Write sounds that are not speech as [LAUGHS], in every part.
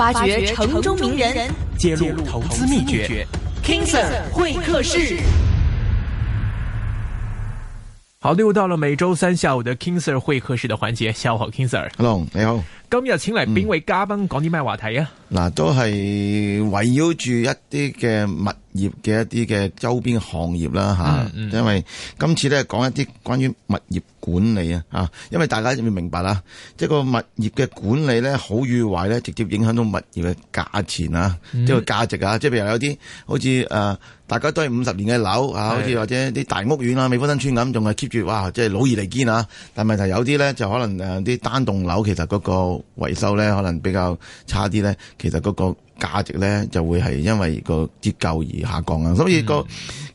發掘城中名人，名人揭露投資秘訣。秘訣 King Sir 會客室，好，又到了每周三下午的 King Sir 會客室的環節。下午好，King Sir。Hello，你 hello .好。今日請來邊位嘉賓講啲咩話題啊？嗯嗱，都係圍繞住一啲嘅物業嘅一啲嘅周邊行業啦嚇，嗯嗯、因為今次咧講一啲關於物業管理啊，因為大家要明白啊？即係個物業嘅管理咧，好與壞咧，直接影響到物業嘅價錢啊，嗯、即係個價值啊。即係譬如有啲好似誒，大家都係五十年嘅樓啊，的好似或者啲大屋苑啊、美孚新村咁，仲係 keep 住哇，即、就、係、是、老而嚟堅啊。但係問題有啲咧，就可能誒啲單棟樓其實嗰個維修咧，可能比較差啲咧。其實嗰個價值咧就會係因為那個折舊而下降，啊、所以，那個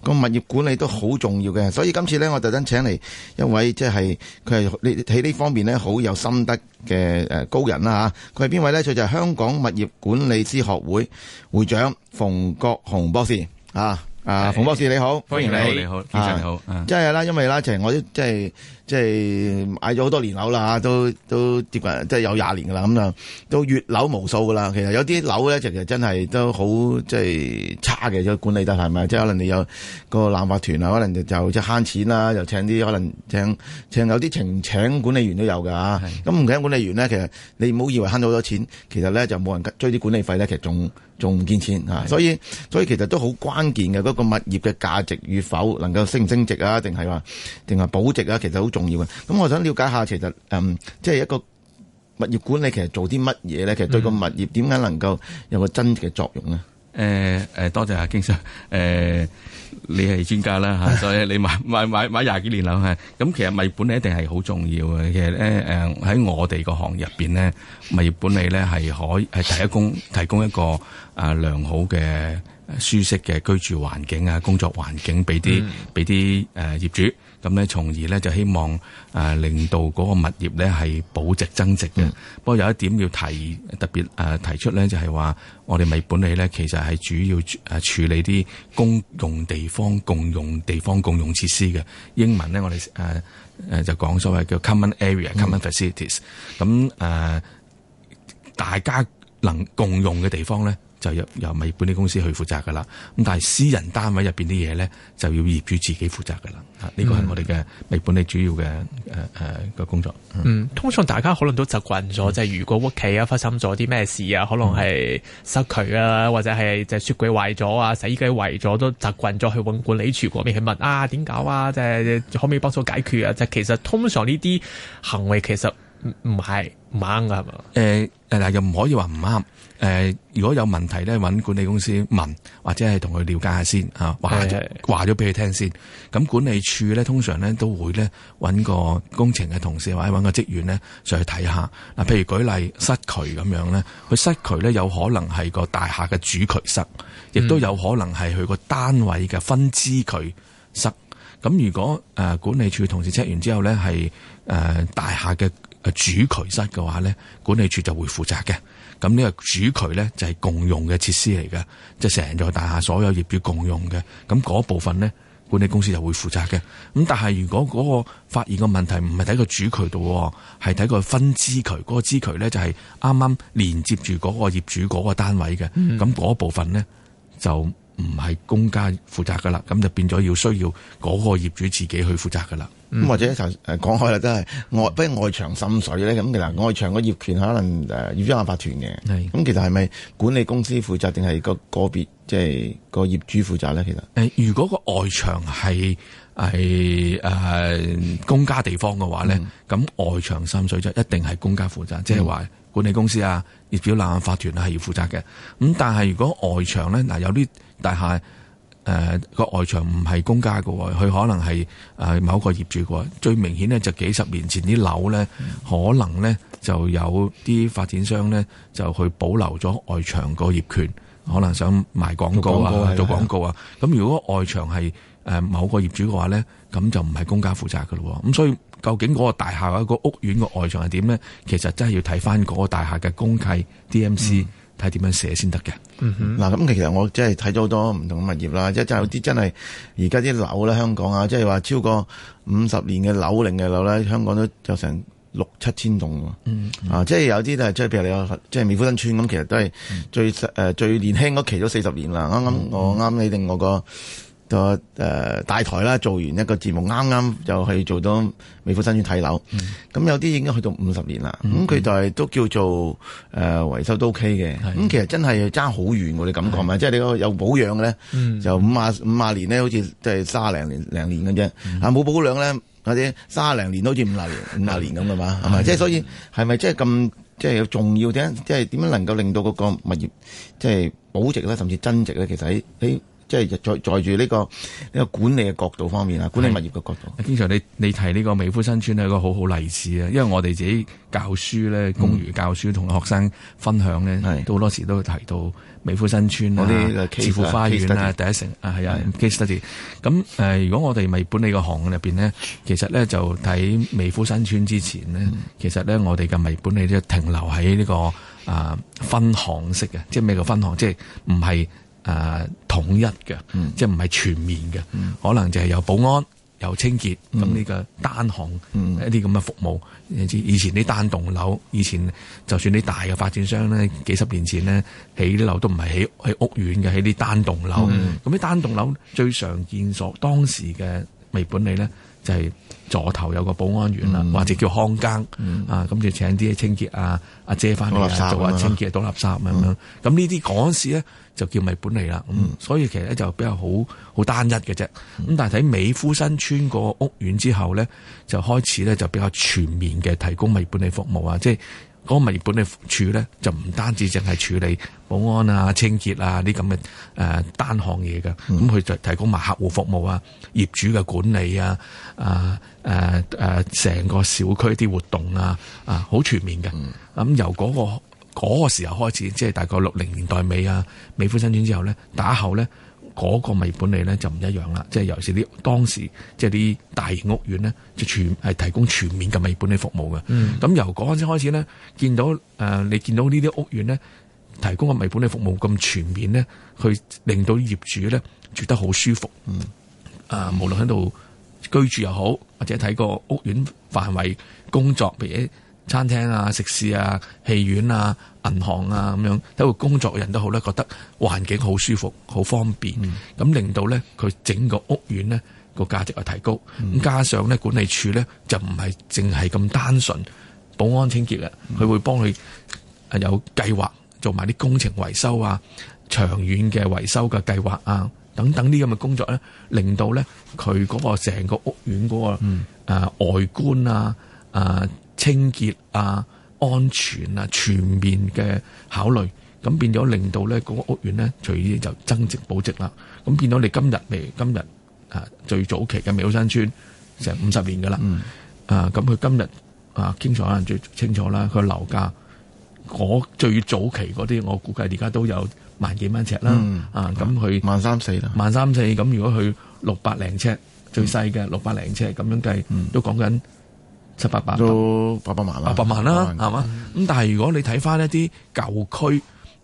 個、嗯、物業管理都好重要嘅。所以今次咧，我特登請嚟一位，嗯、即係佢係你喺呢方面咧好有心得嘅誒高人啦吓。佢係邊位咧？佢就係香港物業管理師學會會長馮國雄博士啊。馮、啊、博士你好，歡迎你，你好，非常之好，即係啦，啊啊、因為啦，其實我即係。即係買咗好多年樓啦，都都接近即係有廿年噶啦，咁啊都越樓無數噶啦。其實有啲樓咧，其實真係都好即係差嘅，個管理得係咪？即係可能你有個立法團啊，可能就就即係慳錢啦，又請啲可能請請有啲請請，有請管理員都有噶。咁唔的請管理員咧，其實你唔好以為慳咗好多錢，其實咧就冇人追啲管理費咧，其實仲。仲唔見錢是的 所以所以其實都好關鍵嘅，嗰、嗰個物業嘅價值與否能夠升唔升值啊，定係話定係保值啊，其實好重要嘅。咁我想了解下，其實、嗯、即係一個物業管理其實做啲乜嘢咧，其實對個物業點解能夠有個增值嘅作用呢？誒、嗯嗯、多謝阿 King Sir 誒。你係專家啦嚇， [LAUGHS] 所以你買買買買廿幾年樓係咁，其實物業管理一定係好重要嘅。其實咧誒，喺我哋個行業入邊咧，物業管理咧係可以係提供提供一個啊良好嘅舒適嘅居住環境啊，工作環境俾啲俾啲誒業主。咁咧，從而咧就希望誒令到嗰個物業咧係保值增值嘅。嗯、不過有一點要提，特別誒提出咧，就係話我哋咪管理咧，其實係主要誒處理啲公用地方、共用地方、共用設施嘅英文咧。我哋誒誒就講所謂叫 common area、嗯、common facilities。咁、嗯、誒大家能共用嘅地方咧。就由由物業管理公司去負責噶啦，咁但係私人單位入邊啲嘢咧，就要業主自己負責噶啦。啊，呢個係我哋嘅物業管理主要嘅誒誒個工作。嗯，通常大家可能都習慣咗，即係、嗯、如果屋企啊發生咗啲咩事啊，可能係塞渠啊，或者係即係雪櫃壞咗啊，洗衣機壞咗都習慣咗去揾管理處嗰邊去問啊，點搞啊？即係可唔可以幫手解決啊？即係其實通常呢啲行為其實唔唔係。唔啱噶係咪？誒誒，又唔、呃、可以話唔啱。誒、呃，如果有問題咧，揾管理公司問，或者係同佢了解下先吓，話話咗俾佢聽先。咁管理處咧，通常咧都會咧揾個工程嘅同事或者揾個職員咧上去睇下。嗱，譬如舉例塞渠咁樣咧，佢塞渠咧有可能係個大廈嘅主渠塞，亦都有可能係佢個單位嘅分支渠塞。咁如果誒管理處同事 check 完之後咧，係誒大廈嘅。主渠室嘅話咧，管理處就會負責嘅。咁、這、呢個主渠咧就係共用嘅設施嚟嘅，即係成座大廈所有業主共用嘅。咁嗰部分咧，管理公司就會負責嘅。咁但係如果嗰個發現個問題唔係喺個主渠度，係喺個分支渠，嗰個支渠咧就係啱啱連接住嗰個業主嗰個單位嘅。咁嗰部分咧就。唔係公家負責噶啦，咁就變咗要需要嗰個業主自己去負責噶啦。咁、嗯、或者誒講開啦，真係外，不如外牆滲水咧。咁其實外牆個業權可能誒業主立法團嘅，係咁是其實係咪管理公司負責定係個個別，即係個業主負責咧？其實誒，如果個外牆係係誒公家地方嘅話咧，咁、嗯、外牆滲水就一定係公家負責，即係話管理公司啊、業主立案法團啊係要負責嘅。咁但係如果外牆咧嗱有啲。大廈誒個外牆唔係公家嘅，佢可能係誒某個業主嘅。最明顯呢，就幾十年前啲樓呢，可能呢就有啲發展商呢，就去保留咗外牆個業權，可能想賣廣告、廣告啊、做廣告啊。咁如果外牆係誒某個業主嘅話呢，咁就唔係公家負責嘅咯。咁所以究竟嗰個大廈啊、嗰個屋苑個外牆係點呢？其實真係要睇翻嗰個大廈嘅公契 D M C、嗯。睇點樣寫先得嘅，嗱咁、嗯、哼其實我真係睇咗好多唔同嘅物業啦，即係有啲真係而家啲樓咧，香港啊，即係話超過五十年嘅樓齡嘅樓咧，香港都有成六七千棟喎，嗯、哼啊，即係有啲都係即係譬如你有即係美孚新村咁，其實都係最實、嗯、哼最年輕嗰期都四十年啦，啱啱、嗯、哼我啱你定我個。個誒、呃、大台啦，做完一個節目，啱啱就去做到美孚新邨睇樓，咁、嗯、有啲已經去到五十年啦。咁佢、嗯、就係、是、都叫做誒維、呃、修都 OK 嘅。咁是的、嗯、其實真係爭好遠我哋感覺咪，即係是的 你個有保養嘅咧，是的 就五啊五啊年呢，好似即係卅零年，零年嘅啫。啊冇、嗯、保養咧，嗰啲卅零年好似五廿年五廿 [LAUGHS] 年咁啊嘛。即係所以係咪即係咁即係重要啲？即係點樣能夠令到嗰個物業即係、就是、保值咧，甚至增值咧？其實喺喺。即係在在住呢個呢個管理嘅角度方面啊，管理物業嘅角度。經常你你提呢個美孚新村係一個好好例子啊，因為我哋自己教書咧，公餘教書同學生分享咧，是都好多時都提到美孚新村啦、置富是花園啊 study 第一城啊，係啊是，case study。咁、呃、如果我哋未管理個行入面呢，其實咧就睇美孚新村之前、嗯、呢，其實咧我哋嘅未管理都停留喺呢、這個啊分行式嘅，即係咩叫分行？即係唔係。誒、啊、統一嘅，嗯、即係唔係全面嘅，嗯、可能就係有保安、有清潔咁呢、嗯、個單行，嗯、一啲咁嘅服務。嗯、以前啲單棟樓，以前就算啲大嘅發展商咧，幾十年前咧起啲樓都唔係起屋苑嘅，起啲單棟樓。咁啲、嗯、單棟樓最常見所當時嘅微本理咧就係、是。座頭有個保安員啦，嗯、或者叫看更、嗯、啊，咁就請啲清潔啊阿、啊、姐翻嚟做下清潔、倒垃圾咁樣。咁呢啲嗰時呢，就叫物業管理啦，嗯、所以其實咧就比較好好單一嘅啫。咁、嗯、但係喺美孚新村個屋苑之後呢，就開始呢就比較全面嘅提供物業管理服務啊，即、就、係、是。嗰個物業管理處咧，就唔單止淨係處理保安啊、清潔啊呢咁嘅誒單項嘢嘅，咁佢、嗯、就提供埋客戶服務啊、業主嘅管理啊、啊誒誒成個小區啲活動啊，啊好全面嘅。咁、嗯嗯、由嗰、那個嗰、那個、時候開始，即係大概六零年代尾啊，美孚新村之後咧，打後咧。嗰個微本理咧就唔一樣啦，即係尤其是啲當時即係啲大型屋苑咧，就全係提供全面嘅微本理服務嘅。咁由嗰陣先開始咧，見到誒、呃、你見到呢啲屋苑咧，提供個微本理服務咁全面咧，去令到業主咧住得好舒服。誒、嗯呃，無論喺度居住又好，或者睇個屋苑範圍工作，譬如，餐廳啊、食肆啊、戲院啊、銀行啊，咁樣一個工作人都好咧，覺得環境好舒服、好方便，咁、嗯、令到咧佢整個屋苑咧個價值係提高。咁、嗯、加上咧管理處咧就唔係淨係咁單純保安清潔啦，佢、嗯、會幫佢有計劃做埋啲工程維修啊、長遠嘅維修嘅計劃啊等等呢咁嘅工作咧，令到咧佢嗰個成個屋苑嗰個誒外觀啊、嗯呃清潔啊、安全啊、全面嘅考慮，咁變咗令到咧嗰、那個屋苑咧隨之就增值保值啦。咁變咗你今日譬如今日啊，最早期嘅美孚新邨成五十年噶啦。嗯、啊，咁佢今日啊，清楚可能最清楚啦。佢樓價嗰最早期嗰啲，我估計而家都有萬幾蚊尺啦。嗯、啊，咁佢萬三四啦，萬三四。咁如果佢六百零尺最細嘅六百零尺咁樣計，嗯、都講緊。七百八百都八百萬啦，八百萬啦，係嘛？咁吧、嗯、但係如果你睇翻一啲舊區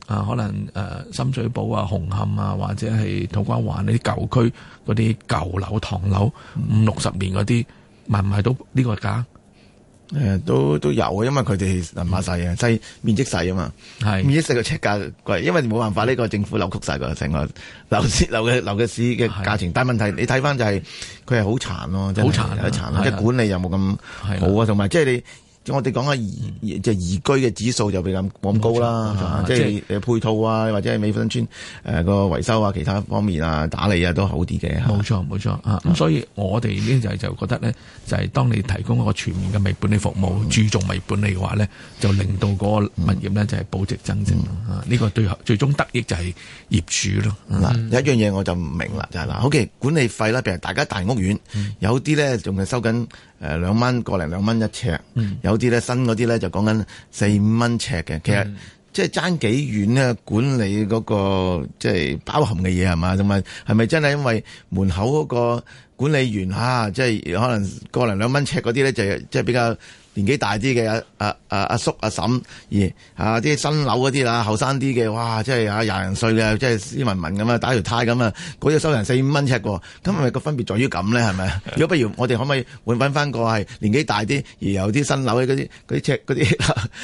啊，可能誒、呃、深水埗啊、紅磡啊，或者係土瓜灣呢啲舊區嗰啲舊樓、唐樓，嗯、五六十年嗰啲，唔係都呢個價？誒，都都有啊，因為佢哋樓化細啊，細面積細啊嘛，是面積細個呎價貴，因為冇辦法呢個政府扭曲晒個成個樓市，樓嘅樓嘅市嘅價錢。是但問題你睇翻就係佢係好殘咯，好殘，好殘是，即係管理又冇咁好啊，同埋即係你。我哋講啊，移宜居嘅指數就比較咁高啦，啊、即係是配套啊，或者係美分村誒、呃、個維修啊，其他方面啊打理啊都好啲嘅。冇錯冇錯啊，咁、嗯、所以我哋呢就就覺得咧，就係、是、當你提供個全面嘅物業管理服務，嗯、注重物業管理嘅話咧，就令到嗰個物業咧、嗯、就係保值增值呢、嗯啊、個最最終得益就係業主咯。嗱、嗯嗯啊，有一樣嘢我就唔明啦，就係、是、嗱，好、okay, 嘅管理費啦，譬如大家大屋苑，有啲咧仲係收緊。誒兩蚊，個零兩蚊一尺，嗯、有啲咧新嗰啲咧就講緊四五蚊尺嘅，其實、嗯、即係爭幾遠咧？管理嗰、嗰個即係包含嘅嘢係嘛？同埋係咪真係因為門口嗰個管理員、啊、即係可能個零兩蚊尺嗰啲咧就即係比較。年紀大啲嘅阿啊啊阿叔阿嬸而啊啲、啊啊啊、新樓嗰啲啦後生啲嘅哇即係啊廿零歲嘅即係斯文文咁啊打條呔咁啊嗰隻收人四五蚊尺過咁咪個分別在於咁咧係咪？是是 [LAUGHS] 如果不如我哋可唔可以換翻翻個係年紀大啲而有啲新樓嗰啲嗰啲尺嗰啲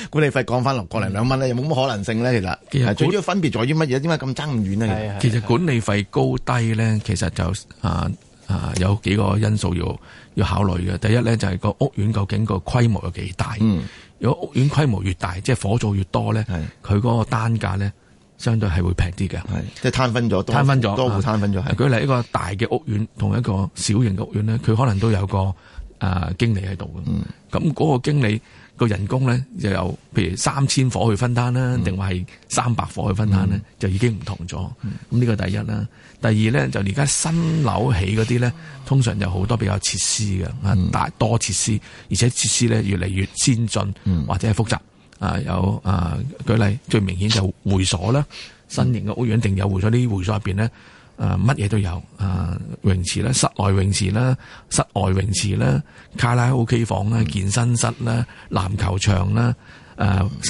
管理費降翻落過嚟兩蚊咧？呢有冇乜可能性咧？其實，其實主要分別在於乜嘢？點解咁爭咁遠咧？其實管理費高低咧，其實就啊啊有幾個因素要。要考慮嘅第一咧，就係個屋苑究竟個規模有幾大？嗯、如果屋苑規模越大，即係火灶越多咧，佢嗰是個單價咧，相對係會平啲嘅，是即係攤分咗，多戶。攤分咗，多戶攤分咗。舉例、啊、是一個大嘅屋苑同一個小型嘅屋苑咧，佢可能都有個。啊！經理喺度嘅，咁嗰、嗯、個經理個人工咧，就有譬如三千伙去分擔啦，定話係三百伙去分擔咧，嗯、就已經唔同咗。咁呢、嗯、個第一啦，第二咧就而家新樓起嗰啲咧，通常有好多比較設施嘅、嗯、啊，大多設施，而且設施咧越嚟越先進、嗯、或者係複雜啊。有啊，舉例最明顯就會所啦，嗯、新型嘅屋苑定有會所，呢啲會所入面咧。啊，乜嘢、呃、都有啊、呃，泳池啦，室內泳池啦，室外泳池啦，卡拉 OK 房啦，嗯、健身室啦，籃球場啦、嗯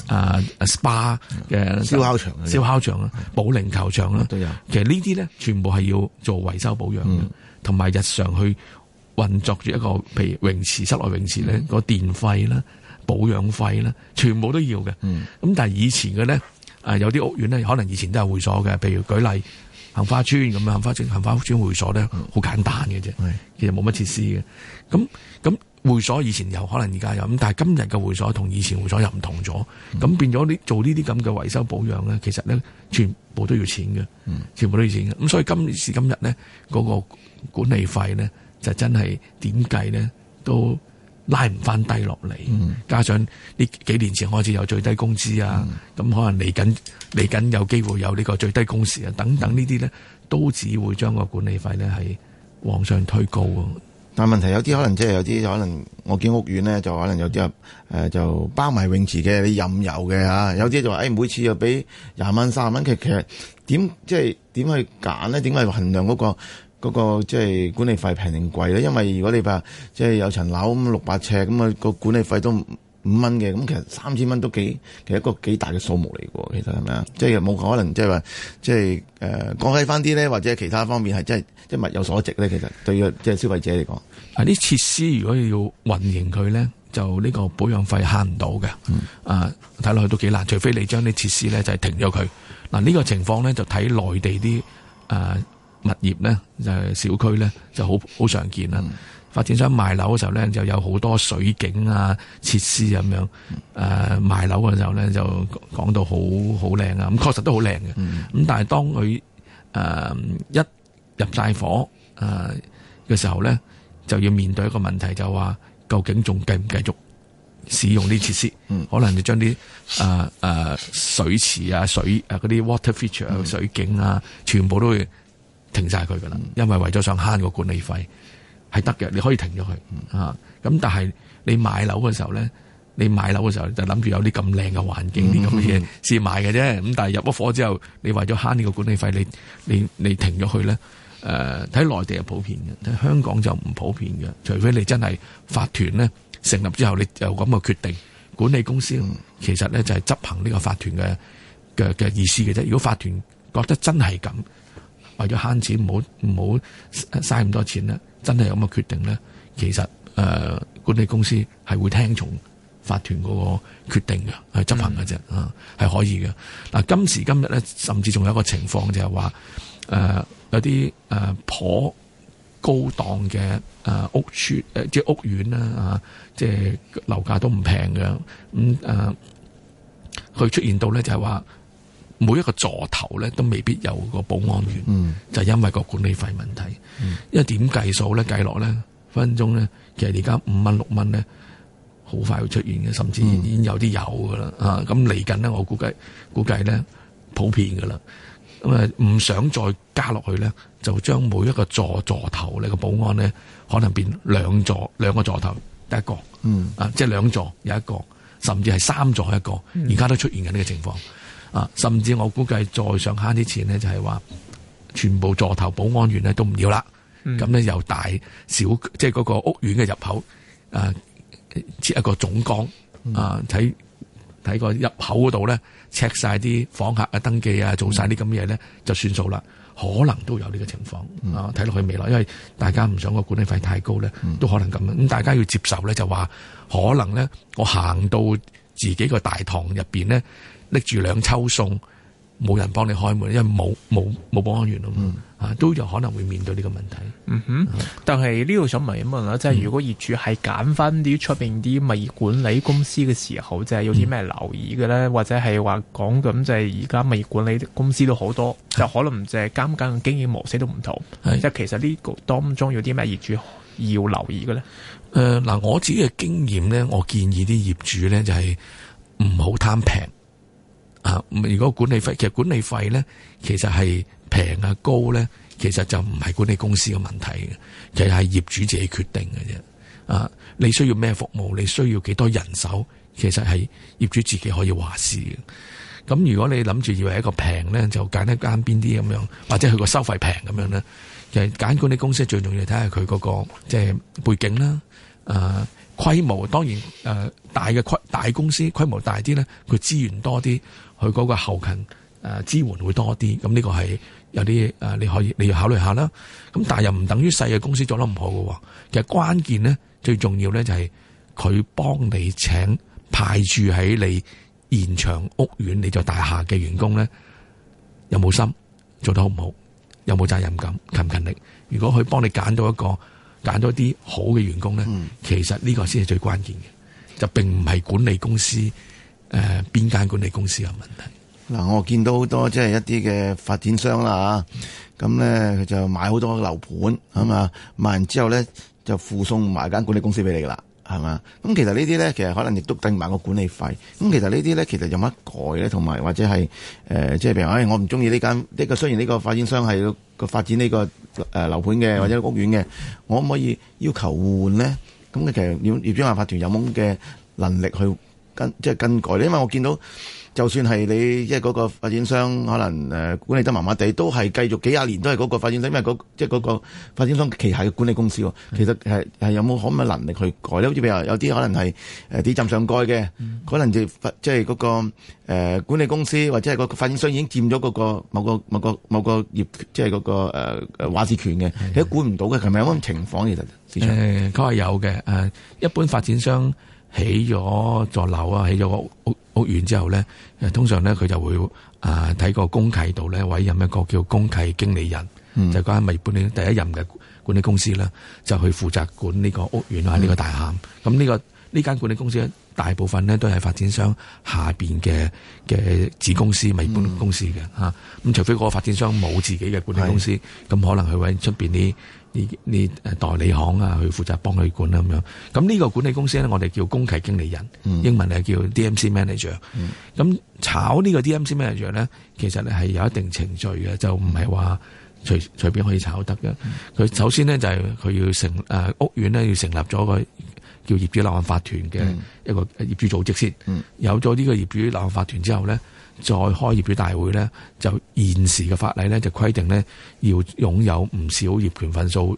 呃，啊啊 SPA 嘅燒烤場、燒烤場啦、保齡球場啦都有。嗯、其實呢啲咧，全部係要做維修保養嘅，同埋、嗯、日常去運作住一個，譬如泳池、室內泳池咧個電費啦、嗯、保養費啦，全部都要嘅。咁、嗯、但係以前嘅咧、呃，有啲屋苑咧，可能以前都係會所嘅，譬如舉例。杏花村咁啊，杏花村、杏花村會所咧，好簡單嘅啫，嗯、其實冇乜設施嘅。咁咁會所以前有可能，而家有咁，但係今日嘅會所同以前會所又唔同咗。咁、嗯、變咗呢做呢啲咁嘅維修保養咧，其實咧全部都要錢嘅，全部都要錢嘅。咁、嗯、所以今時今日咧，嗰、嗰個管理費咧，就真係點計咧都，拉唔返低落嚟，加上呢幾年前開始有最低工資啊，咁、嗯、可能嚟緊嚟緊有機會有呢個最低工時啊，等等呢啲咧，都只會將個管理費咧係往上推高啊！但係問題有啲可能即、就、係、是、有啲可能，我見屋苑咧就可能有啲誒、嗯呃、就包埋泳池嘅，你任游嘅嚇，有啲就話誒、哎、每次又俾廿蚊三十蚊，其實點即係點去揀咧？點去衡量嗰、嗰個？嗰個即係管理費平定貴咧，因為如果你話即係有層樓咁六百尺咁啊，個管理費都五蚊嘅，咁其實三千蚊都幾，其實一個幾大嘅數目嚟嘅喎，其實係咪？即係冇可能即係話即係誒講起翻啲咧，就是呃、或者其他方面係即係即係物有所值咧。其實對即係消費者嚟講，啊啲設施如果要運營佢咧，就呢個保養費慳唔到嘅。嗯啊，睇落去都幾難，除非你將啲設施咧就係、停咗佢。嗱、啊、呢、呢個情況咧就睇內地啲物業咧就是、小區咧就好好常見啦。嗯、發展商賣樓嘅時候咧就有好多水景啊、設施咁樣、嗯呃，賣樓嘅時候咧就講到好好靚啊，咁確實都好靚嘅。咁、嗯、但係當佢誒、呃、一入晒伙誒嘅、呃、時候咧，就要面對一個問題，就話究竟仲繼唔繼續使用啲設施？嗯、可能就將啲誒誒水池啊、水嗰啲 water feature 啊、水景啊，嗯、全部都會。停晒佢噶啦，因為為咗想慳個管理費，係得嘅，你可以停咗佢、嗯、啊。咁但係你買樓嘅時候咧，你買樓嘅時候就諗住有啲咁靚嘅環境，啲咁嘅嘢先買嘅啫。咁但係入咗伙之後，你為咗慳呢個管理費，你你你停咗佢咧？誒、呃，喺內地係普遍嘅，喺香港就唔普遍嘅。除非你真係法團咧成立之後，你就咁嘅決定，管理公司其實咧就係執行呢個法團嘅嘅嘅意思嘅啫。如果法團覺得真係咁，為咗慳錢，唔好唔好嘥咁多錢咧，真係有咁嘅決定咧，其實誒、呃、管理公司係會聽從法團嗰個決定嘅，去執行嘅啫，啊係、嗯、可以嘅。嗱今時今日咧，甚至仲有一個情況就係話誒有啲誒頗高檔嘅誒、呃、屋邨誒即係屋苑啦啊、呃，即係樓價都唔平嘅咁誒，佢、嗯呃、出現到咧就係話每一個座頭咧，都未必有個保安員，嗯、就因為個管理費問題。嗯、因為點計數咧，計落咧分分鐘咧，其實而家五蚊六蚊咧，好快會出現嘅，甚至已經有啲有噶啦。嗯、啊，咁嚟緊咧，我估計估計咧，普遍噶啦。咁啊，唔想再加落去咧，就將每一個座座頭呢個保安咧，可能變兩座兩個座頭得一個。嗯啊，即、就、係、是、兩座有一個，甚至係三座一個，而家都出現緊呢個情況。啊！甚至我估計再上慳啲錢呢，就係話全部座頭保安員呢都唔要啦。咁、嗯、呢，由大小即係嗰個屋苑嘅入口啊，設一個總崗啊，睇睇個入口嗰度咧 check 晒啲訪客啊登記啊，做晒啲咁嘅嘢咧，就算數啦。可能都有呢個情況啊，睇落去未來，因為大家唔想個管理費太高咧，嗯、都可能咁。咁大家要接受咧，就話可能咧，我行到自己個大堂入邊咧。拎住兩抽送，冇人幫你開門，因為冇冇冇保安員咯，嗯、啊，都有可能會面對呢個問題。嗯哼，嗯但係呢度想問一問啦，即係、嗯、如果業主係揀翻啲出邊啲物業管理公司嘅時候，即、就、係、是、有啲咩留意嘅咧，嗯、或者係話講咁，就係而家物業管理公司都好多，是就可能就係監管嘅經營模式都唔同，即係是其實呢個當中有啲咩業主要留意嘅咧？誒，嗱，我自己嘅經驗咧，我建議啲業主咧就係唔好貪平。啊！如果管理費其實管理費咧，其實係平啊高咧，其實就唔係管理公司嘅問題嘅，其實係業主自己決定嘅啫。啊，你需要咩服務，你需要幾多人手，其實係業主自己可以話事嘅。咁、啊、如果你諗住要一個平咧，就揀一間邊啲咁樣，或者佢個收費平咁樣咧，其實揀管理公司最重要睇下佢嗰個即係、就是、背景啦。啊、規規模當然誒、啊、大嘅規大公司規模大啲咧，佢資源多啲。佢嗰個後勤誒支援會多啲，咁呢個係有啲誒，你可以你要考慮下啦。咁但係又唔等於細嘅公司做得唔好嘅，其實關鍵咧，最重要咧就係佢幫你請派駐喺你現場屋苑、你座大廈嘅員工咧，有冇心，做得好唔好，有冇責任感，勤唔勤力。如果佢幫你揀到一個揀到啲好嘅員工咧，其實呢個先係最關鍵嘅，就並唔係管理公司。誒，邊間管理公司有問題？嗱，我見到好多即係一啲嘅發展商啦，咁咧，佢就買好多樓盤，係嘛，買完之後咧，就附送埋間管理公司俾你噶啦，係嘛。咁其實呢啲咧，其實可能亦都定埋個管理費。咁其實呢啲咧，其實，其實有乜改咧，同埋或者係誒，即係譬如話，誒，我唔中意呢間呢個，雖然呢個發展商係個發展呢個誒樓盤嘅或者屋苑嘅，我可唔可以要求換咧？咁佢其實業業主物法團有冇嘅能力去？跟即係更改咧，因為我見到就算係你即係嗰個發展商可能誒管理得麻麻地，都係繼續幾廿年都係嗰個發展商，因為即係嗰個發展商旗下嘅管理公司喎。其實係係有冇可唔有能力去改呢？好似譬如話有啲可能係誒地站上蓋嘅，嗯、可能就即係嗰個、呃、管理公司或者係個發展商已經佔咗嗰個某個某個某個業即係嗰個誒誒話事權嘅，你都管唔到嘅，係咪有咁情況？其實市場誒，佢係有嘅誒、呃，一般發展商。起咗座樓啊，起咗個屋屋苑之後咧，通常咧佢就會啊睇，呃、個公契度咧，委任一個叫公契經理人，嗯、就係間咪搬啲第一任嘅管理公司啦，就去負責管呢個屋苑啊呢個大廈。咁呢、呢個呢間管理公司大部分咧都係發展商下邊嘅嘅子公司咪搬公司嘅嚇。咁、嗯、除非個發展商冇自己嘅管理公司，咁是可能佢喺出面啲。呢呢誒代理行啊，去負責幫佢管咁樣。咁呢個管理公司咧，我哋叫公契經理人，嗯、英文咧叫 D M C manager、嗯。咁炒呢個 D M C manager 咧，其實咧係有一定程序嘅，嗯、就唔係話隨隨便可以炒得嘅。佢、嗯嗯、首先呢，就係佢要成誒屋苑呢要成立咗個叫業主立案法團嘅一個業主組織先。嗯嗯、有咗呢個業主立案法團之後咧。再開業主大會咧，就現時嘅法例咧，就規定咧，要擁有唔少業權份數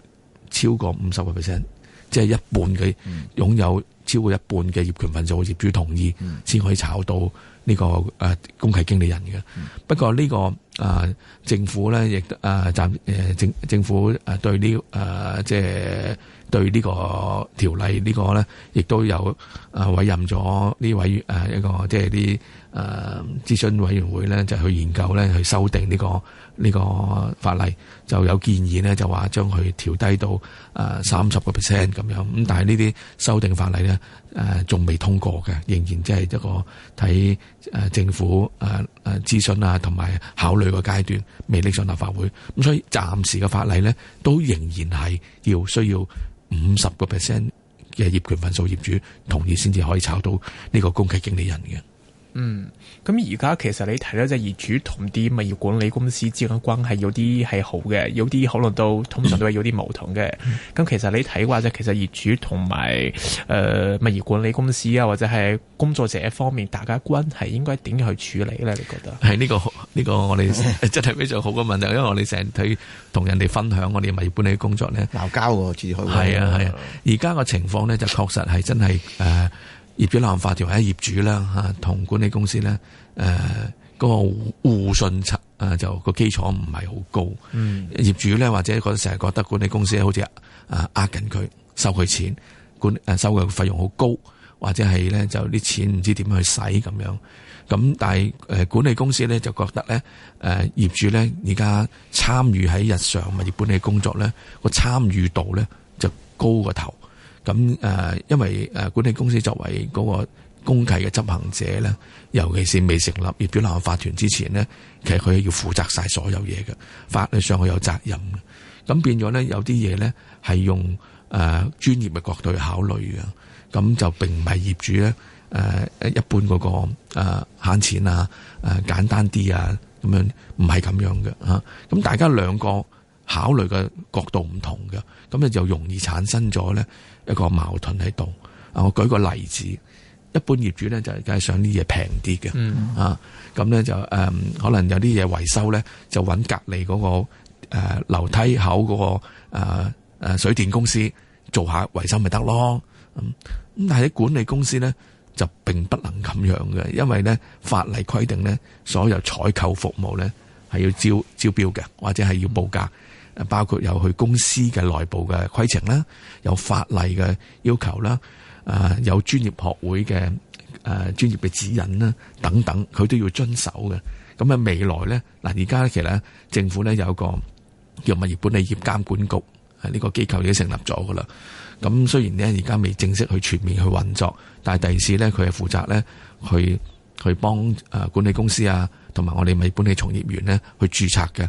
超過五十個 percent，即係一半嘅、嗯、擁有超過一半嘅業權份數，業主同意先、嗯、可以炒到呢、呢個誒、呃、公契經理人嘅。嗯、不過呢、呢個誒、呃、政府咧，亦、呃、誒暫誒政、呃、政府誒對呢誒即係對呢個條例、呢個、呢個咧，亦都有誒委任咗呢位誒、呃、一個即係啲。就是誒諮詢委員會咧，就去研究咧，去修訂呢個呢個法例，就有建議呢就話將佢調低到誒三十個 percent 咁樣。咁但係呢啲修訂法例呢仲未通過嘅，仍然即係一個睇政府誒誒諮詢啊，同埋考慮個階段未搦上立法會咁，所以暫時嘅法例呢都仍然係要需要五十個 percent 嘅業權份數業主同意先至可以炒到呢個公契經理人嘅。嗯，咁而家其實你睇到即係業主同啲物業管理公司之間關係，有啲係好嘅，有啲可能都通常都係有啲矛盾嘅。咁 [LAUGHS] 其實你睇話，即係其實業主同埋誒物業管理公司啊，或者係工作者方面，大家關係應該點樣去處理咧？你覺得？係、呢個、呢個呢、呢個我哋 [LAUGHS] 真係非常好嘅問題，因為我哋成日睇同人哋分享我哋物業管理工作咧，鬧交喎，接住開係啊係啊，而家個情況咧就確實係真係誒。呃業主法團，或者業主啦，嚇同管理公司咧，誒嗰個互信層就個基礎唔係好高。嗯、業主咧或者佢成日覺得管理公司好似啊呃緊佢收佢錢，管誒收嘅費用好高，或者係咧就啲錢唔知點去使咁樣。咁但係誒管理公司咧就覺得咧誒業主咧而家參與喺日常物業管理工作咧個參與度咧就高過頭。咁誒，因為誒管理公司作為嗰個公契嘅執行者咧，尤其是未成立業主立案法團之前咧，其實，佢要負責晒所有嘢嘅，法律上佢有責任。咁變咗咧，有啲嘢咧係用誒專業嘅角度去考慮嘅，咁就並唔係業主咧誒一般嗰個慳錢啊誒簡單啲啊咁樣，唔係咁樣嘅吓，咁大家兩個考慮嘅角度唔同嘅，咁你就容易產生咗咧。一個矛盾喺度，我舉個例子，一般業主咧就梗係想啲嘢平啲嘅。嗯、啊，咁咧就誒、呃，可能有啲嘢維修咧就揾隔籬嗰、那個誒樓、呃、梯口嗰、那個誒誒、呃、水電公司做下維修咪得咯，咁、嗯、但係管理公司咧就並不能咁樣嘅，因為咧法例規定咧所有採購服務咧係要招招標嘅，或者係要報價。嗯包括有佢公司嘅內部嘅規程啦，有法例嘅要求啦，有專業學會嘅專業嘅指引啦，等等，佢都要遵守嘅。咁啊未來咧，嗱而家咧其實政府咧有個叫物業管理業監管局，係呢個機構已經成立咗噶啦。咁雖然咧而家未正式去全面去運作，但係第時咧佢係負責咧去去幫管理公司啊。同埋我哋咪管理從業員呢去註冊嘅，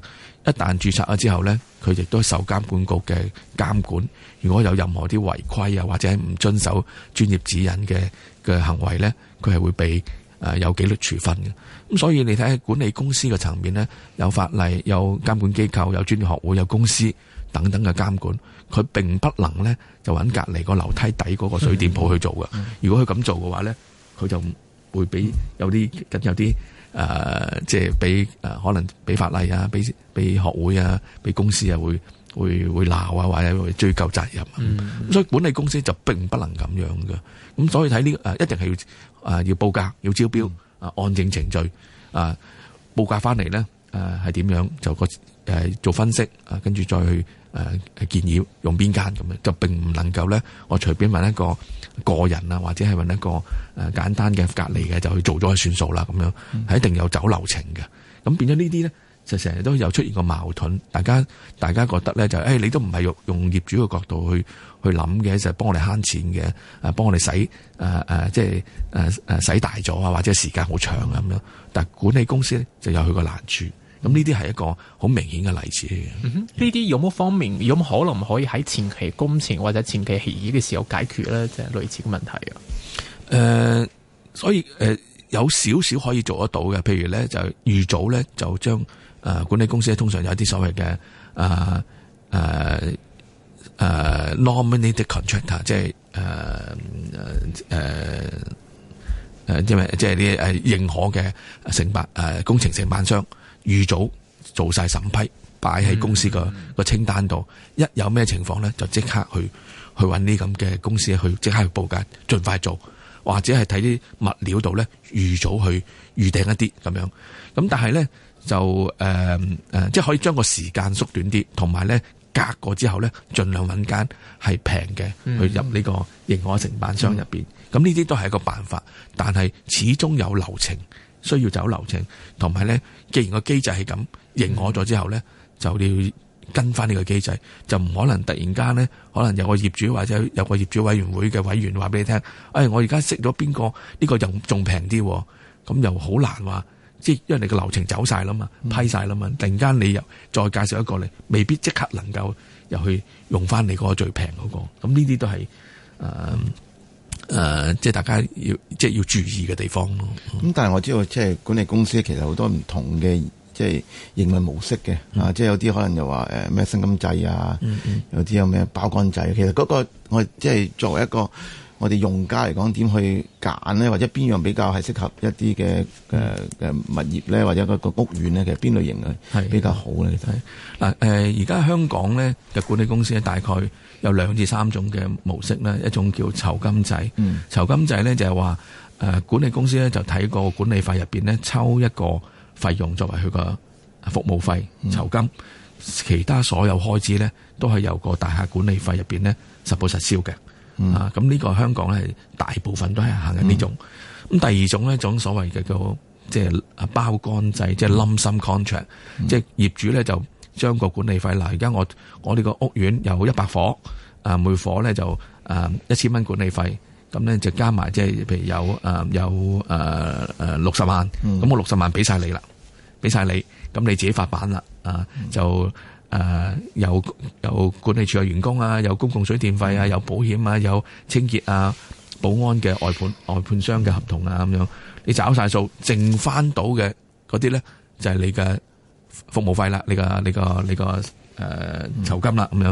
一旦註冊咗之後呢，佢亦都受監管局嘅監管。如果有任何啲違規呀，或者唔遵守專業指引嘅嘅行為呢，佢係會被誒有紀律處分嘅。咁所以你睇下管理公司嘅層面呢，有法例、有監管機構、有專業學會、有公司等等嘅監管，佢並不能呢就搵隔離個樓梯底嗰個水電鋪去做嘅。如果佢咁做嘅話呢，佢就會俾有啲咁有啲。誒，即係俾誒，可能俾法例啊，俾俾學會啊，俾公司啊，會會會鬧啊，或者會追究責任。嗯，咁所以管理公司就並不能咁樣嘅。咁所以睇呢誒，一定係要誒，要報價，要招標，啊，按正程序，啊，報價返嚟咧誒，係點樣就個誒做分析，啊，跟住再去。誒、呃、建議用邊間咁樣，就並唔能夠咧，我隨便問一個個人啊，或者係問一個誒、呃、簡單嘅隔離嘅就去做咗就算數啦，咁樣係一定有走流程嘅。咁變咗呢啲咧，就成日都有出現個矛盾，大家大家覺得咧就誒，你都唔係用用業主嘅角度去去諗嘅，就係、幫我哋慳錢嘅，誒幫我哋使誒誒，即係誒誒使大咗啊，或者時間好長啊咁樣。但管理公司咧就有佢個難處。咁呢啲係一個好明顯嘅例子。嗯，呢啲有冇方面有冇可能可以喺前期工程或者前期協議嘅時候解決咧？即係類似嘅問題啊。誒、呃，所以誒、呃、有少少可以做得到嘅，譬如咧就預早咧就將誒、呃、管理公司通常有一啲所謂嘅誒誒、呃、誒、呃呃、nominated contractor，即係誒誒誒，因、呃、為、呃、即係啲誒認可嘅承辦誒工程承辦商。預早做晒審批，擺喺公司個個清單度。Mm hmm. 一有咩情況咧，就即刻去去揾呢咁嘅公司去即刻去報價，盡快做，或者係睇啲物料度咧預早去預訂一啲咁樣。咁但係咧就誒、呃呃、即係可以將個時間縮短啲，同埋咧隔過之後咧，儘量揾間係平嘅去入呢個營外承辦商入面。咁呢啲都係一個辦法，但係始終有流程，需要走流程，同埋咧，既然個機制係咁認我咗之後咧，就要跟翻呢個機制，就唔可能突然間咧，可能有個業主或者有個業主委員會嘅委員話俾你聽，誒，我而家識咗邊個呢個又仲平啲，咁又好難話，即係因為你個流程走晒啦嘛，批晒啦嘛，突然間你又再介紹一個你，未必即刻能夠又去用翻你個最平嗰個，咁呢啲都係誒。呃誒、呃，即係大家要即係要注意嘅地方咯。咁、嗯、但係我知道，即、就、係、是、管理公司其實好多唔同嘅即係營運模式嘅、嗯啊，即係有啲可能又話誒咩薪金制啊，嗯嗯有啲有咩包乾制、啊。其實嗰、那個我即係作為一個我哋用家嚟講，點去揀咧，或者邊樣比較係適合一啲嘅誒嘅物業咧，或者嗰個屋苑咧，其實邊類型係比較好咧？嗱，誒而家香港咧嘅管理公司咧，大概。有兩至三種嘅模式，呢一種叫酬金制，酬、嗯、金制呢，就係話管理公司咧就睇個管理費入面呢，抽一個費用作為佢個服務費酬、嗯、金，其他所有開支呢，都係由個大廈管理費入面呢實報實銷嘅，嗯、啊咁呢個香港咧大部分都係行緊呢種，咁、嗯、第二種呢，一種所謂嘅叫，即、就、係、是、包乾制，即係 lump sum contract，即係業主咧就，將個管理費嗱，而家我我哋個屋苑有一百伙，啊每伙咧就啊一千蚊管理費，咁咧就加埋即係譬如有啊、呃、有啊六十萬，咁我六十萬俾晒你啦，俾晒你，咁你自己發辦啦，啊就誒、呃、有有管理處嘅員工啊，有公共水電費啊，有保險啊，有清潔啊，保安嘅外判外判商嘅合同啊咁樣，你找晒數，剩翻到嘅嗰啲咧就係、是、你嘅。服務費啦，你個你個你個誒、呃、酬金啦，咁、嗯、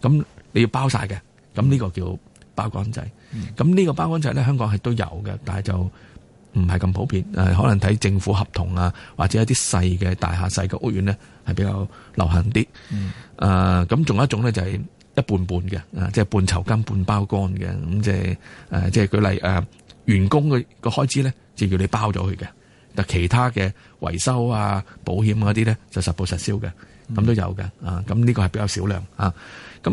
樣，咁你要包晒嘅，咁呢個叫包乾制，咁呢、嗯、個包乾制咧，香港係都有嘅，但係就唔係咁普遍，誒、呃，可能睇政府合同啊，或者一啲細嘅大廈、細嘅屋苑咧，係比較流行啲。誒、嗯，咁仲、呃、有一種咧就係、是、一半半嘅，啊，即、就、係、是、半酬金半包乾嘅，咁即係誒，即、呃、係、就是、舉例誒、呃，員工嘅個開支咧，就叫你包咗佢嘅。其他嘅維修啊、保險嗰啲咧，就實報實銷嘅，咁都有嘅、嗯、啊。咁呢個係比較少量啊。咁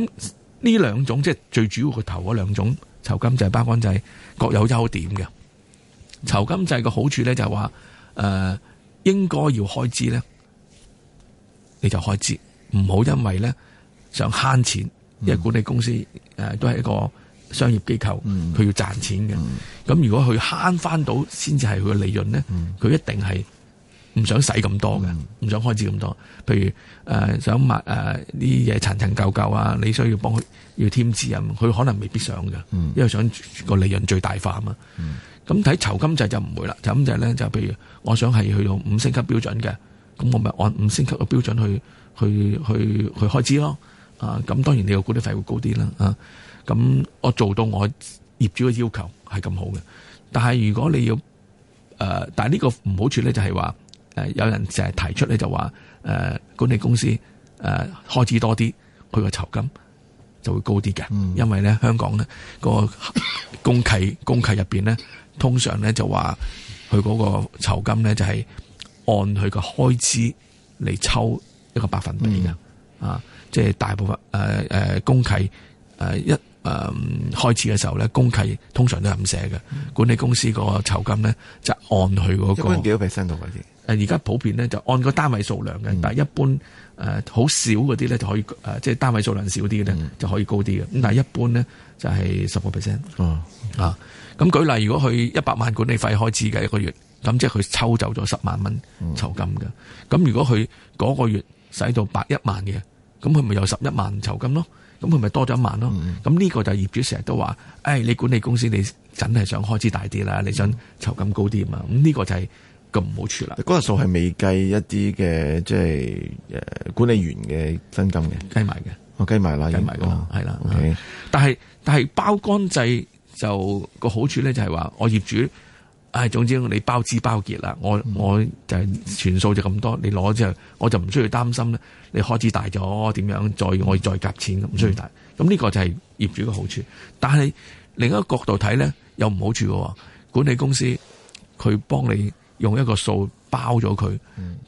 呢兩種即係最主要佢投嗰兩種酬金制、包乾制，各有優點嘅。酬、嗯、金制嘅好處咧就係話，誒、呃、應該要開支咧，你就開支，唔好因為咧想慳錢，因為管理公司誒、呃、都係一個。商業機構佢要賺錢嘅，咁、嗯嗯、如果佢慳翻，到先至係佢嘅利潤咧，佢、嗯、一定係唔想使咁多嘅，唔、嗯、想開支咁多。譬如誒、呃、想買誒啲嘢，陳陳舊舊啊，你需要幫佢要添置啊，佢可能未必想嘅，嗯、因為想個利潤最大化嘛。咁睇酬金制就唔會啦，酬金制咧就，就譬如我想係去到五星級標準嘅，咁我咪按五星級嘅標準去去去去開支咯。啊，咁當然你個管理費會高啲啦，啊。咁我做到我業主嘅要求係咁好嘅，但係如果你要誒、呃，但係呢個唔好處咧就係話、呃、有人成日提出咧就話誒、呃、管理公司誒、呃、開支多啲，佢個酬金就會高啲嘅，因為咧香港咧、個公契公契入面咧通常咧就話佢嗰個酬金咧就係、是、按佢個開支嚟抽一個百分比嘅，嗯、啊即係、就是、大部分誒誒公契一。誒、嗯，開始嘅時候咧，公契通常都係咁寫嘅。嗯、管理公司個個酬金咧，就是、按佢、嗰個一般幾多 percent 啲？誒、嗯，而家普遍咧就是、按個單位數量嘅，嗯、但係一般誒好少嗰啲咧就可以誒，即、呃、係、就是、單位數量少啲嘅咧就可以高啲嘅。咁但係一般咧就係十個 percent。嗯、啊，咁舉例，如果佢一百萬管理費開支嘅一個月，咁即係佢抽走咗十萬蚊酬金嘅。咁、嗯、如果佢嗰個月使到百一萬嘅，咁佢咪有十一萬酬金咯？咁佢咪多咗一萬咯？咁呢個就業主成日都話，誒、哎，你管理公司你真係想開支大啲啦，你想酬金高啲嘛？咁呢個就係咁唔好處啦。嗰個數係未計一啲嘅，即係誒管理員嘅薪金嘅，計埋嘅，我計埋啦，計埋噶，係啦。OK，但係但係包乾制就個好處咧、就是，就係話我業主。唉、哎，總之你包資包結啦，我我就係全數就咁多，你攞之後我就唔需要擔心咧。你開支大咗點樣再，再我要再夾錢咁，唔需要大。咁呢、嗯、個就係業主嘅好處。但係另一個角度睇咧，又唔好處嘅喎、啊。管理公司佢幫你用一個數包咗佢，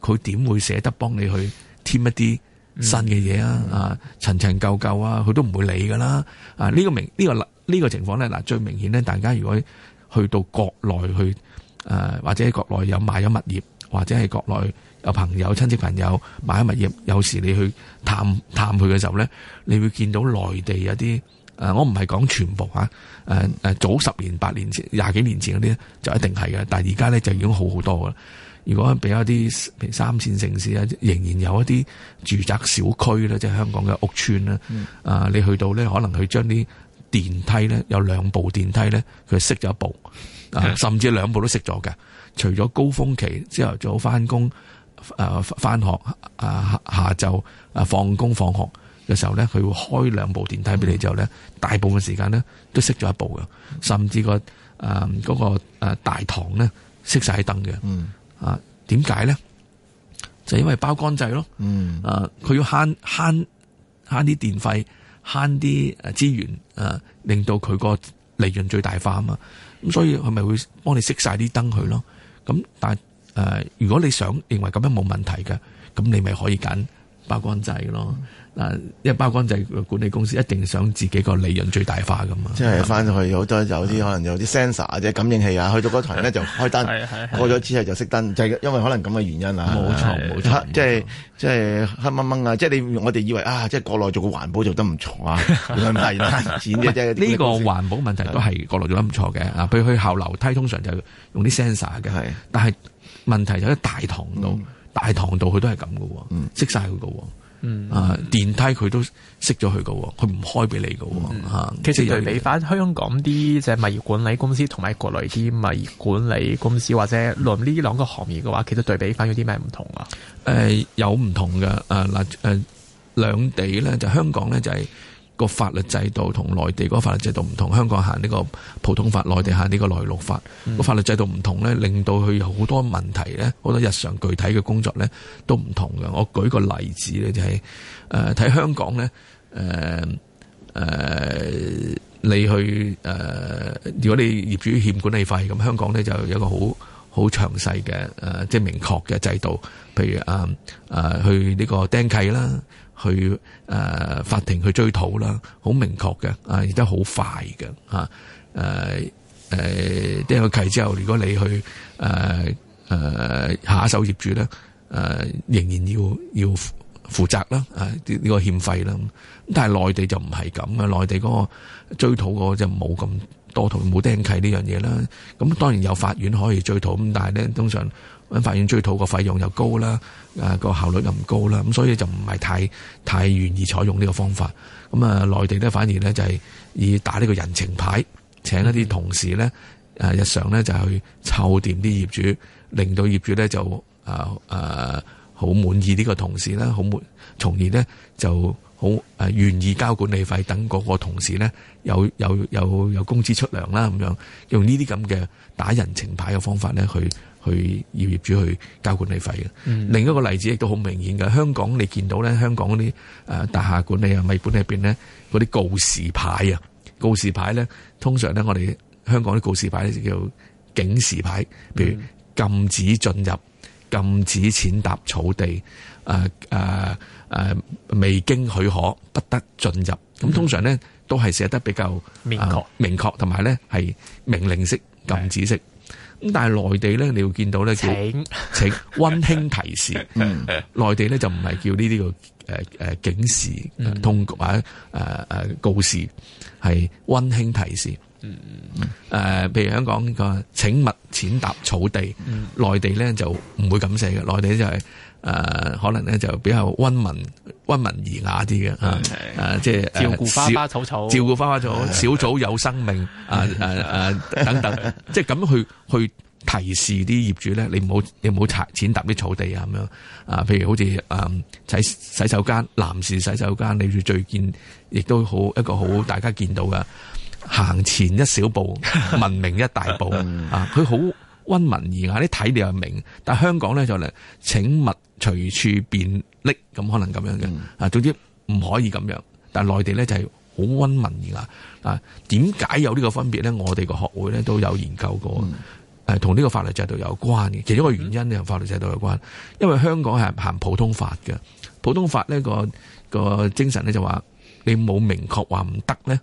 佢點會捨得幫你去添一啲新嘅嘢啊？嗯嗯、啊，陳陳舊舊啊，佢都唔會理㗎啦。啊，呢、呢個明呢個呢個情況咧，嗱最明顯咧，大家如果去到國內去，誒、呃、或者喺國內有買咗物業，或者係國內有朋友親戚朋友買咗物業，有時你去探探佢嘅時候咧，你會見到內地一啲，誒、呃、我唔係講全部嚇，誒、啊、誒、呃、早十年、八年前、廿幾年前嗰啲咧就一定係嘅，但係而家咧就已經好好多嘅。如果比一啲譬如三線城市咧，仍然有一啲住宅小區咧，即係香港嘅屋邨咧，啊、呃、你去到咧可能去將啲，電梯咧有兩部電梯咧，佢熄咗一部啊，甚至兩部都熄咗嘅。除咗高峰期之後，朝頭早翻工、誒翻學、啊下下晝啊放工放學嘅時候咧，佢會開兩部電梯俾你之後咧，大部分時間咧都熄咗一部嘅，甚至、呃嗰個誒大堂咧熄晒啲燈嘅。嗯啊，點解咧？就因為包乾制咯。嗯啊，佢要慳慳慳啲電費。慳啲誒資源啊，令到佢個利潤最大化啊嘛，咁所以佢咪會幫你熄晒啲燈佢咯。咁但係誒，如果你想認為咁樣冇問題嘅，咁你咪可以揀包乾制咯。嗯嗱，因為包幹制管理公司一定想自己個利潤最大化噶嘛，即係翻到去好多有啲可能有啲 sensor 即係感應器啊，去到嗰台咧就開燈，過咗之後就熄燈，就係因為可能咁嘅原因啊。冇錯冇錯，即係即係黑掹掹啊！即係你我哋以為啊，即係國內做個環保做得唔錯啊，唔係啦，錢嘅啫。呢個環保問題都係國內做得唔錯嘅啊，譬如去後樓梯通常就用啲 sensor 嘅，係，但係問題就喺大堂度，大堂度佢都係咁噶喎，熄晒佢噶喎。嗯啊，電梯佢都熄咗佢噶，佢唔開俾你噶。吓、嗯，啊、其實對比翻香港啲即係物業管理公司，同埋國內啲物業管理公司，或者論呢兩個行業嘅話，其實對比翻有啲咩唔同啊？誒、嗯呃，有唔同嘅誒，嗱、呃、誒，兩、呃、地咧就是、香港咧就係、是。法那個法律制度同內地嗰法律制度唔同，香港行呢個普通法，內地行呢個內陸法。個、嗯、法律制度唔同咧，令到佢好多問題咧，好多日常具體嘅工作咧都唔同嘅。我舉個例子咧，就係誒睇香港咧，誒、呃、誒、呃、你去誒、呃，如果你業主欠管理費，咁香港咧就有一個好好詳細嘅、呃、即係明確嘅制度，譬如誒、呃、去呢個釘契啦。去誒、呃、法庭去追討啦，好明確嘅，啊亦都好快嘅，啊誒誒釘咗契之後，如果你去誒下一手業主咧、啊，仍然要要負責啦，呢、啊呢個欠費啦。但係內地就唔係咁嘅，內地嗰個追討嗰個就冇咁多同埋冇釘契呢樣嘢啦。咁當然有法院可以追討，咁但係咧通常法院追討個費用又高啦，誒個效率又唔高啦，咁所以就唔係太太願意採用呢個方法。咁啊，內地咧反而咧就係以打呢個人情牌，請一啲同事咧日常咧就去湊掂啲業主，令到業主咧就誒誒好滿意呢個同事啦，好滿從而咧就，好誒，願意交管理費。等嗰個同事咧有有有有工資出糧啦咁樣，用呢啲咁嘅打人情牌嘅方法咧去去要業主去交管理費嘅。嗯、另一個例子亦都好明顯嘅，香港你見到咧，香港嗰啲誒大廈管理啊、咪管理入邊咧嗰啲告示牌啊，告示牌咧通常咧我哋香港啲告示牌咧就叫警示牌，譬如禁止進入、禁止踐踏草地、誒、呃呃誒，未經許可不得進入。咁通常咧都係寫得比較明確、嗯呃、明確，同埋咧係命令式、禁止式。咁、嗯、但係內地咧，你會見到咧，請叫請溫馨提示。內地咧就唔係叫呢啲個誒誒警示通告或者誒誒告示，係溫馨提示。誒、呃，譬如香港個請勿踐踏草地，嗯、內地咧就唔會咁寫嘅，內地就係、是。誒、呃，可能咧就比較温文溫文爾雅啲嘅吓，即、啊、係的、啊、照顧花花草草，照顧花花草的小草有生命的啊，啊等等， [LAUGHS] 即係咁去去提示啲業主咧，你唔好你唔好踩踐踏啲草地啊咁樣啊，譬如好似誒洗洗手間，男士洗手間，你最最見，亦都好一個好大家見到㗎。行前一小步，文明一大步 [LAUGHS] 啊，佢好。溫文而雅，你睇你又明，但係香港咧就嚟，請勿隨處便溺，咁可能咁樣嘅、嗯，啊，總之唔可以咁樣。但係內地咧就係好溫文而雅。啊，點解有呢個分別咧？我哋個學會咧都有研究過，誒、嗯，同呢個法律制度有關嘅。其中一個原因咧，同法律制度有關，因為香港係行普通法嘅，普通法呢個個精神咧就話，你冇明確話唔得咧，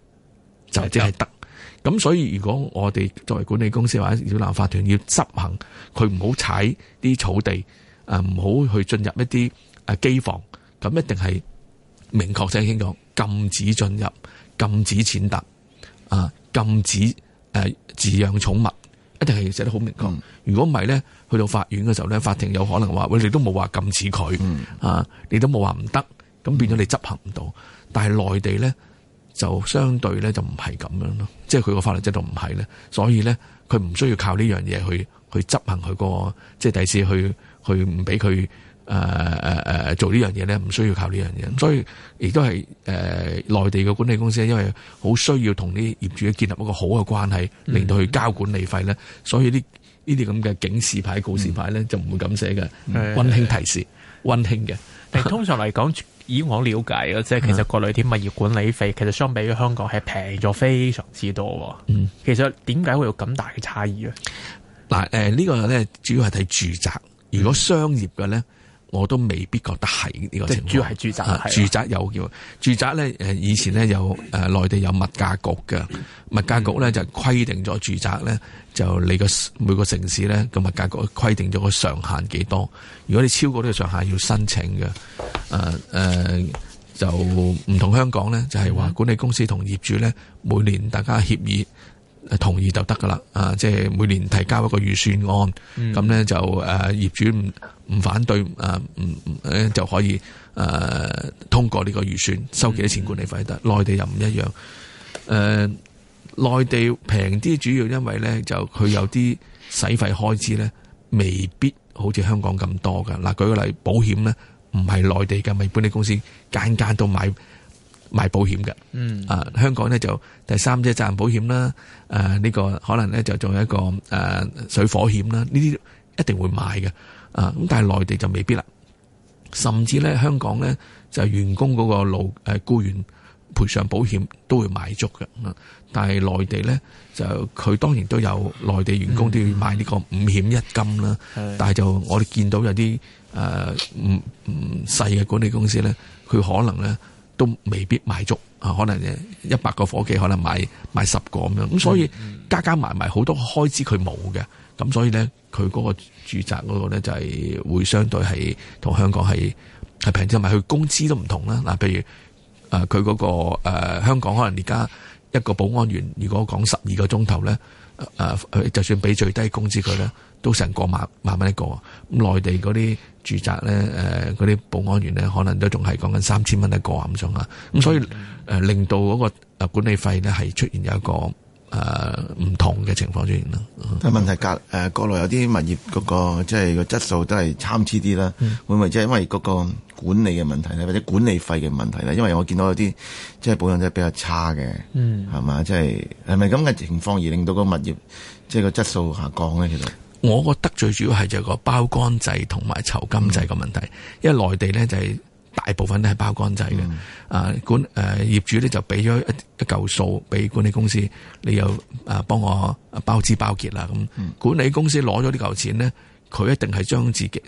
就即係得。咁所以，如果我哋作為管理公司或者小南法團要執行，佢唔好踩啲草地，唔好、啊、去進入一啲誒機房，咁一定係明確寫清楚禁止進入、禁止踐踏、啊禁止誒、啊、飼養寵物，一定係寫得好明確。如果唔係咧，去到法院嘅時候咧，法庭有可能話：「喂，你都冇話禁止佢，嗯、啊，你都冇話唔得，咁變咗你執行唔到。」但係內地咧。就相對咧，就唔係咁樣咯，即係佢個法律制度唔係咧，所以咧，佢唔需要靠呢樣嘢去去執行佢個即係第四去去唔俾佢誒誒做呢樣嘢咧，唔需要靠呢樣嘢，所以亦都係誒、呃、內地嘅管理公司，因為好需要同啲業主建立一個好嘅關係，令到佢交管理費咧，所以呢呢啲咁嘅警示牌、告示牌咧，就唔會咁寫嘅。溫馨提示，溫馨嘅，但係通常嚟講。 [LAUGHS] 以我了解啊，即係其實國內啲物業管理費，其實相比於香港係平咗非常之多。其實點解會有咁大嘅差異啊？嗱、嗯，誒，呢個咧主要係睇住宅，如果商業嘅咧。我都未必覺得係呢、這個情況，主要係住宅，啊、住宅有叫、啊、住宅咧。誒，以前咧有誒內、呃、地有物價局嘅物價局咧，就規、是、定咗住宅咧，就你個每個城市咧個物價局規定咗個上限幾多。如果你超過呢個上限，要申請嘅。誒、啊呃、就唔同香港咧，就係、是、話管理公司同業主咧，每年大家協議。同意就得噶啦，啊，即係每年提交一個預算案，咁咧就誒業主唔唔反對，誒唔就可以誒通過呢個預算，收幾多錢管理費得。內地又唔一樣，誒內地平啲，主要因為咧就佢有啲使費開支咧，未必好似香港咁多噶。嗱，舉個例，保險咧唔係內地嘅咪管理公司間間都買。賣保險嘅，啊，香港咧就第三者責任保險啦，誒、啊、呢、這個可能咧就仲有一個誒、啊、水火險啦，呢啲一定會買嘅，啊，咁但係內地就未必啦，甚至咧香港咧就員工嗰個勞誒僱員賠償保險都會買足嘅、啊，但係內地咧就佢當然都有內地員工都要買呢個五險一金啦，的但係就我哋見到有啲誒唔唔細嘅管理公司咧，佢可能咧。都未必買足啊！可能一百個伙計可能買買十個咁樣，咁所以加加埋埋好多開支佢冇嘅，咁所以呢，佢嗰個住宅嗰個呢，就係會相對係同香港係平啲，同埋佢工資都唔同啦。嗱、那個，譬如誒佢嗰個誒香港可能而家一個保安員，如果講十二個鐘頭呢，誒、呃、就算俾最低工資佢呢。都成個萬萬蚊一個咁，內地嗰啲住宅咧，誒嗰啲保安員咧，可能都仲係講緊三千蚊一個咁上下，咁、嗯、所以誒、呃，令到嗰個管理費咧，係出現有一個唔、呃、同嘅情況出現啦。嗯、但問題隔誒、呃、國內有啲物業嗰、那個、嗯、即係個質素都係參差啲啦，嗯、會唔會即係因為嗰個管理嘅問題咧，或者管理費嘅問題咧？因為我見到有啲即係保養得比較差嘅，嗯，係嘛？即係係咪咁嘅情況而令到個物業即係個質素下降咧？其實？我覺得最主要係就個包乾制同埋酬金制個問題，因為內地咧就係大部分都係包乾制嘅，嗯、啊管誒、呃、業主咧就俾咗一一嚿數俾管理公司，你又啊幫我包支包結啦咁，管理公司攞咗呢嚿錢咧，佢一定係將自己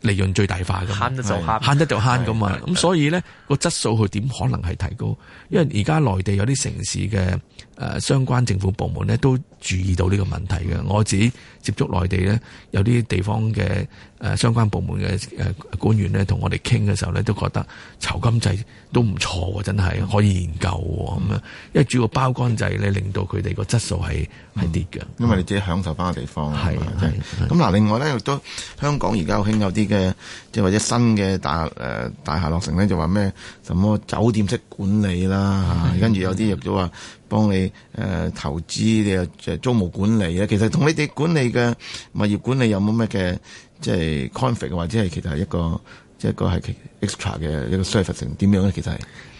利潤最大化咁，慳得就慳，慳是得就慳咁啊，咁所以咧個質素佢點可能係提高？因為而家內地有啲城市嘅。誒、呃，相關政府部門咧都注意到呢個問題嘅。我自己接觸內地咧，有啲地方嘅誒、呃、相關部門嘅誒、呃、官員咧，同我哋傾嘅時候咧，都覺得酬金制都唔錯喎，真係可以研究喎咁、嗯、因為主要包乾制咧，令到佢哋個質素係係、嗯、跌嘅，因為你自己享受翻個地方。係咁嗱，吧另外咧亦都香港而家好興有啲嘅。即係或者新嘅大誒、呃、大廈落成咧，就話咩什,什麼酒店式管理啦，啊、跟住有啲入咗話幫你誒、呃、投資，你又誒租務管理咧。其實同你哋管理嘅物業管理有冇咩嘅即係 conflict，或者係其實係一個即係一個係 extra 嘅一個 service 性點樣咧？其實係誒、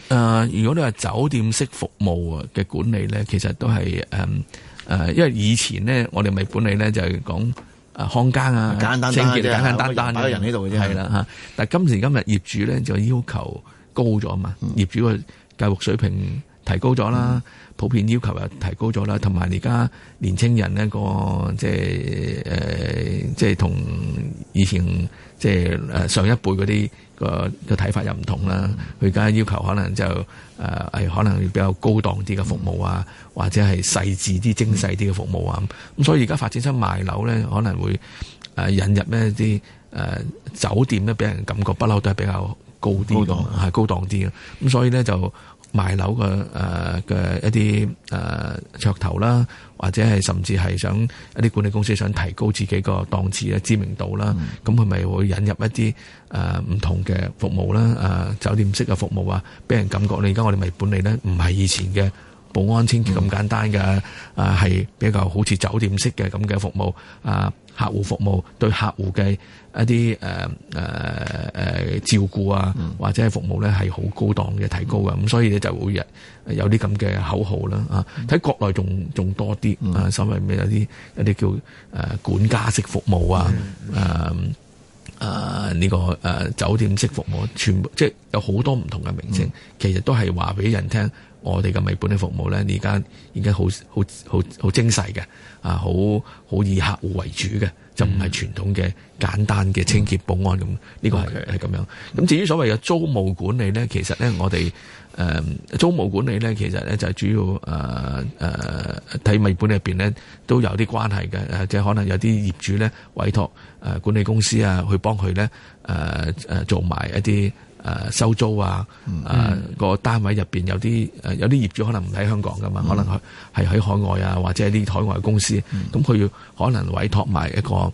呃，如果你話酒店式服務啊嘅管理咧，其實都係誒誒，因為以前咧我哋咪管理咧就係、是、講。啊，看更啊，清潔簡簡單單，單，擺啲人喺度嘅啫，係啦嚇。Radio 但係今時今日業主咧就要求高咗嘛，業主個教育水平。提高咗啦，普遍要求又提高咗啦，同埋而家年青人呢個即係誒，即係同以前即係上一輩嗰啲個、嗰個睇法又唔同啦。佢而家要求可能就誒係、呃、可能比較高檔啲嘅服務啊，嗯、或者係細緻啲、精細啲嘅服務啊。咁、嗯、所以而家發展商賣樓咧，可能會誒引入呢啲誒酒店咧，俾人感覺不嬲都係比較高啲，係高檔啲嘅。咁所以咧就。賣樓嘅誒嘅一啲誒噱頭啦，或者係甚至係想一啲管理公司想提高自己個檔次嘅知名度啦，咁佢咪會引入一啲誒唔同嘅服務啦，誒、呃、酒店式嘅服務啊，俾人感覺你而家我哋咪管理咧，唔係以前嘅保安清潔咁簡單嘅，啊係、嗯呃、比較好似酒店式嘅咁嘅服務啊。呃客戶服務對客戶嘅一啲誒誒誒照顧啊，或者係服務咧係好高檔嘅提高嘅，咁、嗯、所以咧就會有有啲咁嘅口號啦啊！喺國內仲仲多啲啊，稍微咩有啲有啲叫誒、呃、管家式服務啊，誒誒呢個誒、呃、酒店式服務，全部即係有好多唔同嘅名稱，其實都係話俾人聽。我哋嘅微本嘅服務咧，而家已經好好好好精細嘅，啊好好以客戶為主嘅，就唔係傳統嘅簡單嘅清潔保安咁，呢、嗯、個係咁樣。咁至於所謂嘅租務管理咧，其實咧我哋誒、呃、租務管理咧，其實咧就係、主要誒誒喺微本入面咧都有啲關係嘅，即係可能有啲業主咧委託誒管理公司啊去幫佢咧誒做埋一啲。誒收租啊！誒、嗯啊個單位入邊有啲誒有啲業主可能唔喺香港噶嘛，嗯、可能係係喺海外啊，或者係啲海外公司，咁佢要可能委託埋一個誒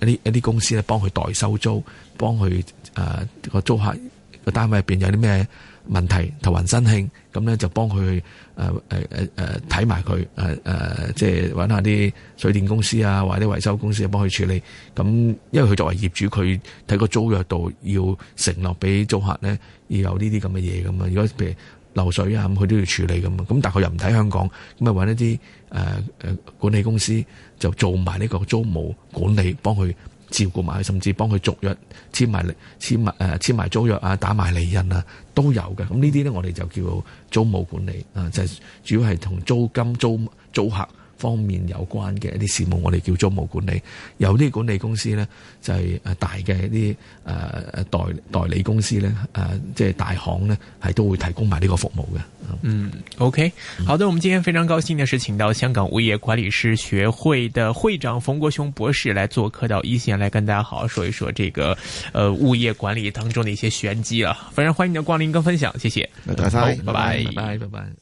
一啲一啲公司咧幫佢代收租，幫佢誒、啊個租客、個單位入邊有啲咩？問題頭暈身興，咁咧就幫佢誒誒睇埋佢誒，即係揾下啲水電公司啊，或者維修公司幫佢處理。咁因為佢作為業主，佢喺個租約度要承諾俾租客咧要有呢啲咁嘅嘢咁。如果譬如漏水啊咁，佢都要處理咁。咁但係佢又唔喺香港，咁咪揾一啲誒、呃、管理公司就做埋呢個租務管理，幫佢，照顧埋，甚至幫佢續約、簽埋、簽埋誒簽埋租約啊、打埋利潤啊，都有嘅。咁呢啲咧，我哋就叫做租務管理啊，就係、主要係同租金租、租租客。方面有關嘅一啲事務，我哋叫做租務管理。有啲管理公司呢，就係、是、大嘅一啲代、呃、代理公司呢，即、呃、係、就是、大行呢，係都會提供埋呢個服務嘅。嗯，OK，好的，我們今天非常高興的是，請到香港物業管理師學會的會長馮國雄博士來做客到一線，來跟大家好好說一說這個，誒、呃、物業管理當中的一些玄機啊。非常歡迎你嘅光臨跟分享，謝謝。拜謝，拜拜、oh,，拜拜。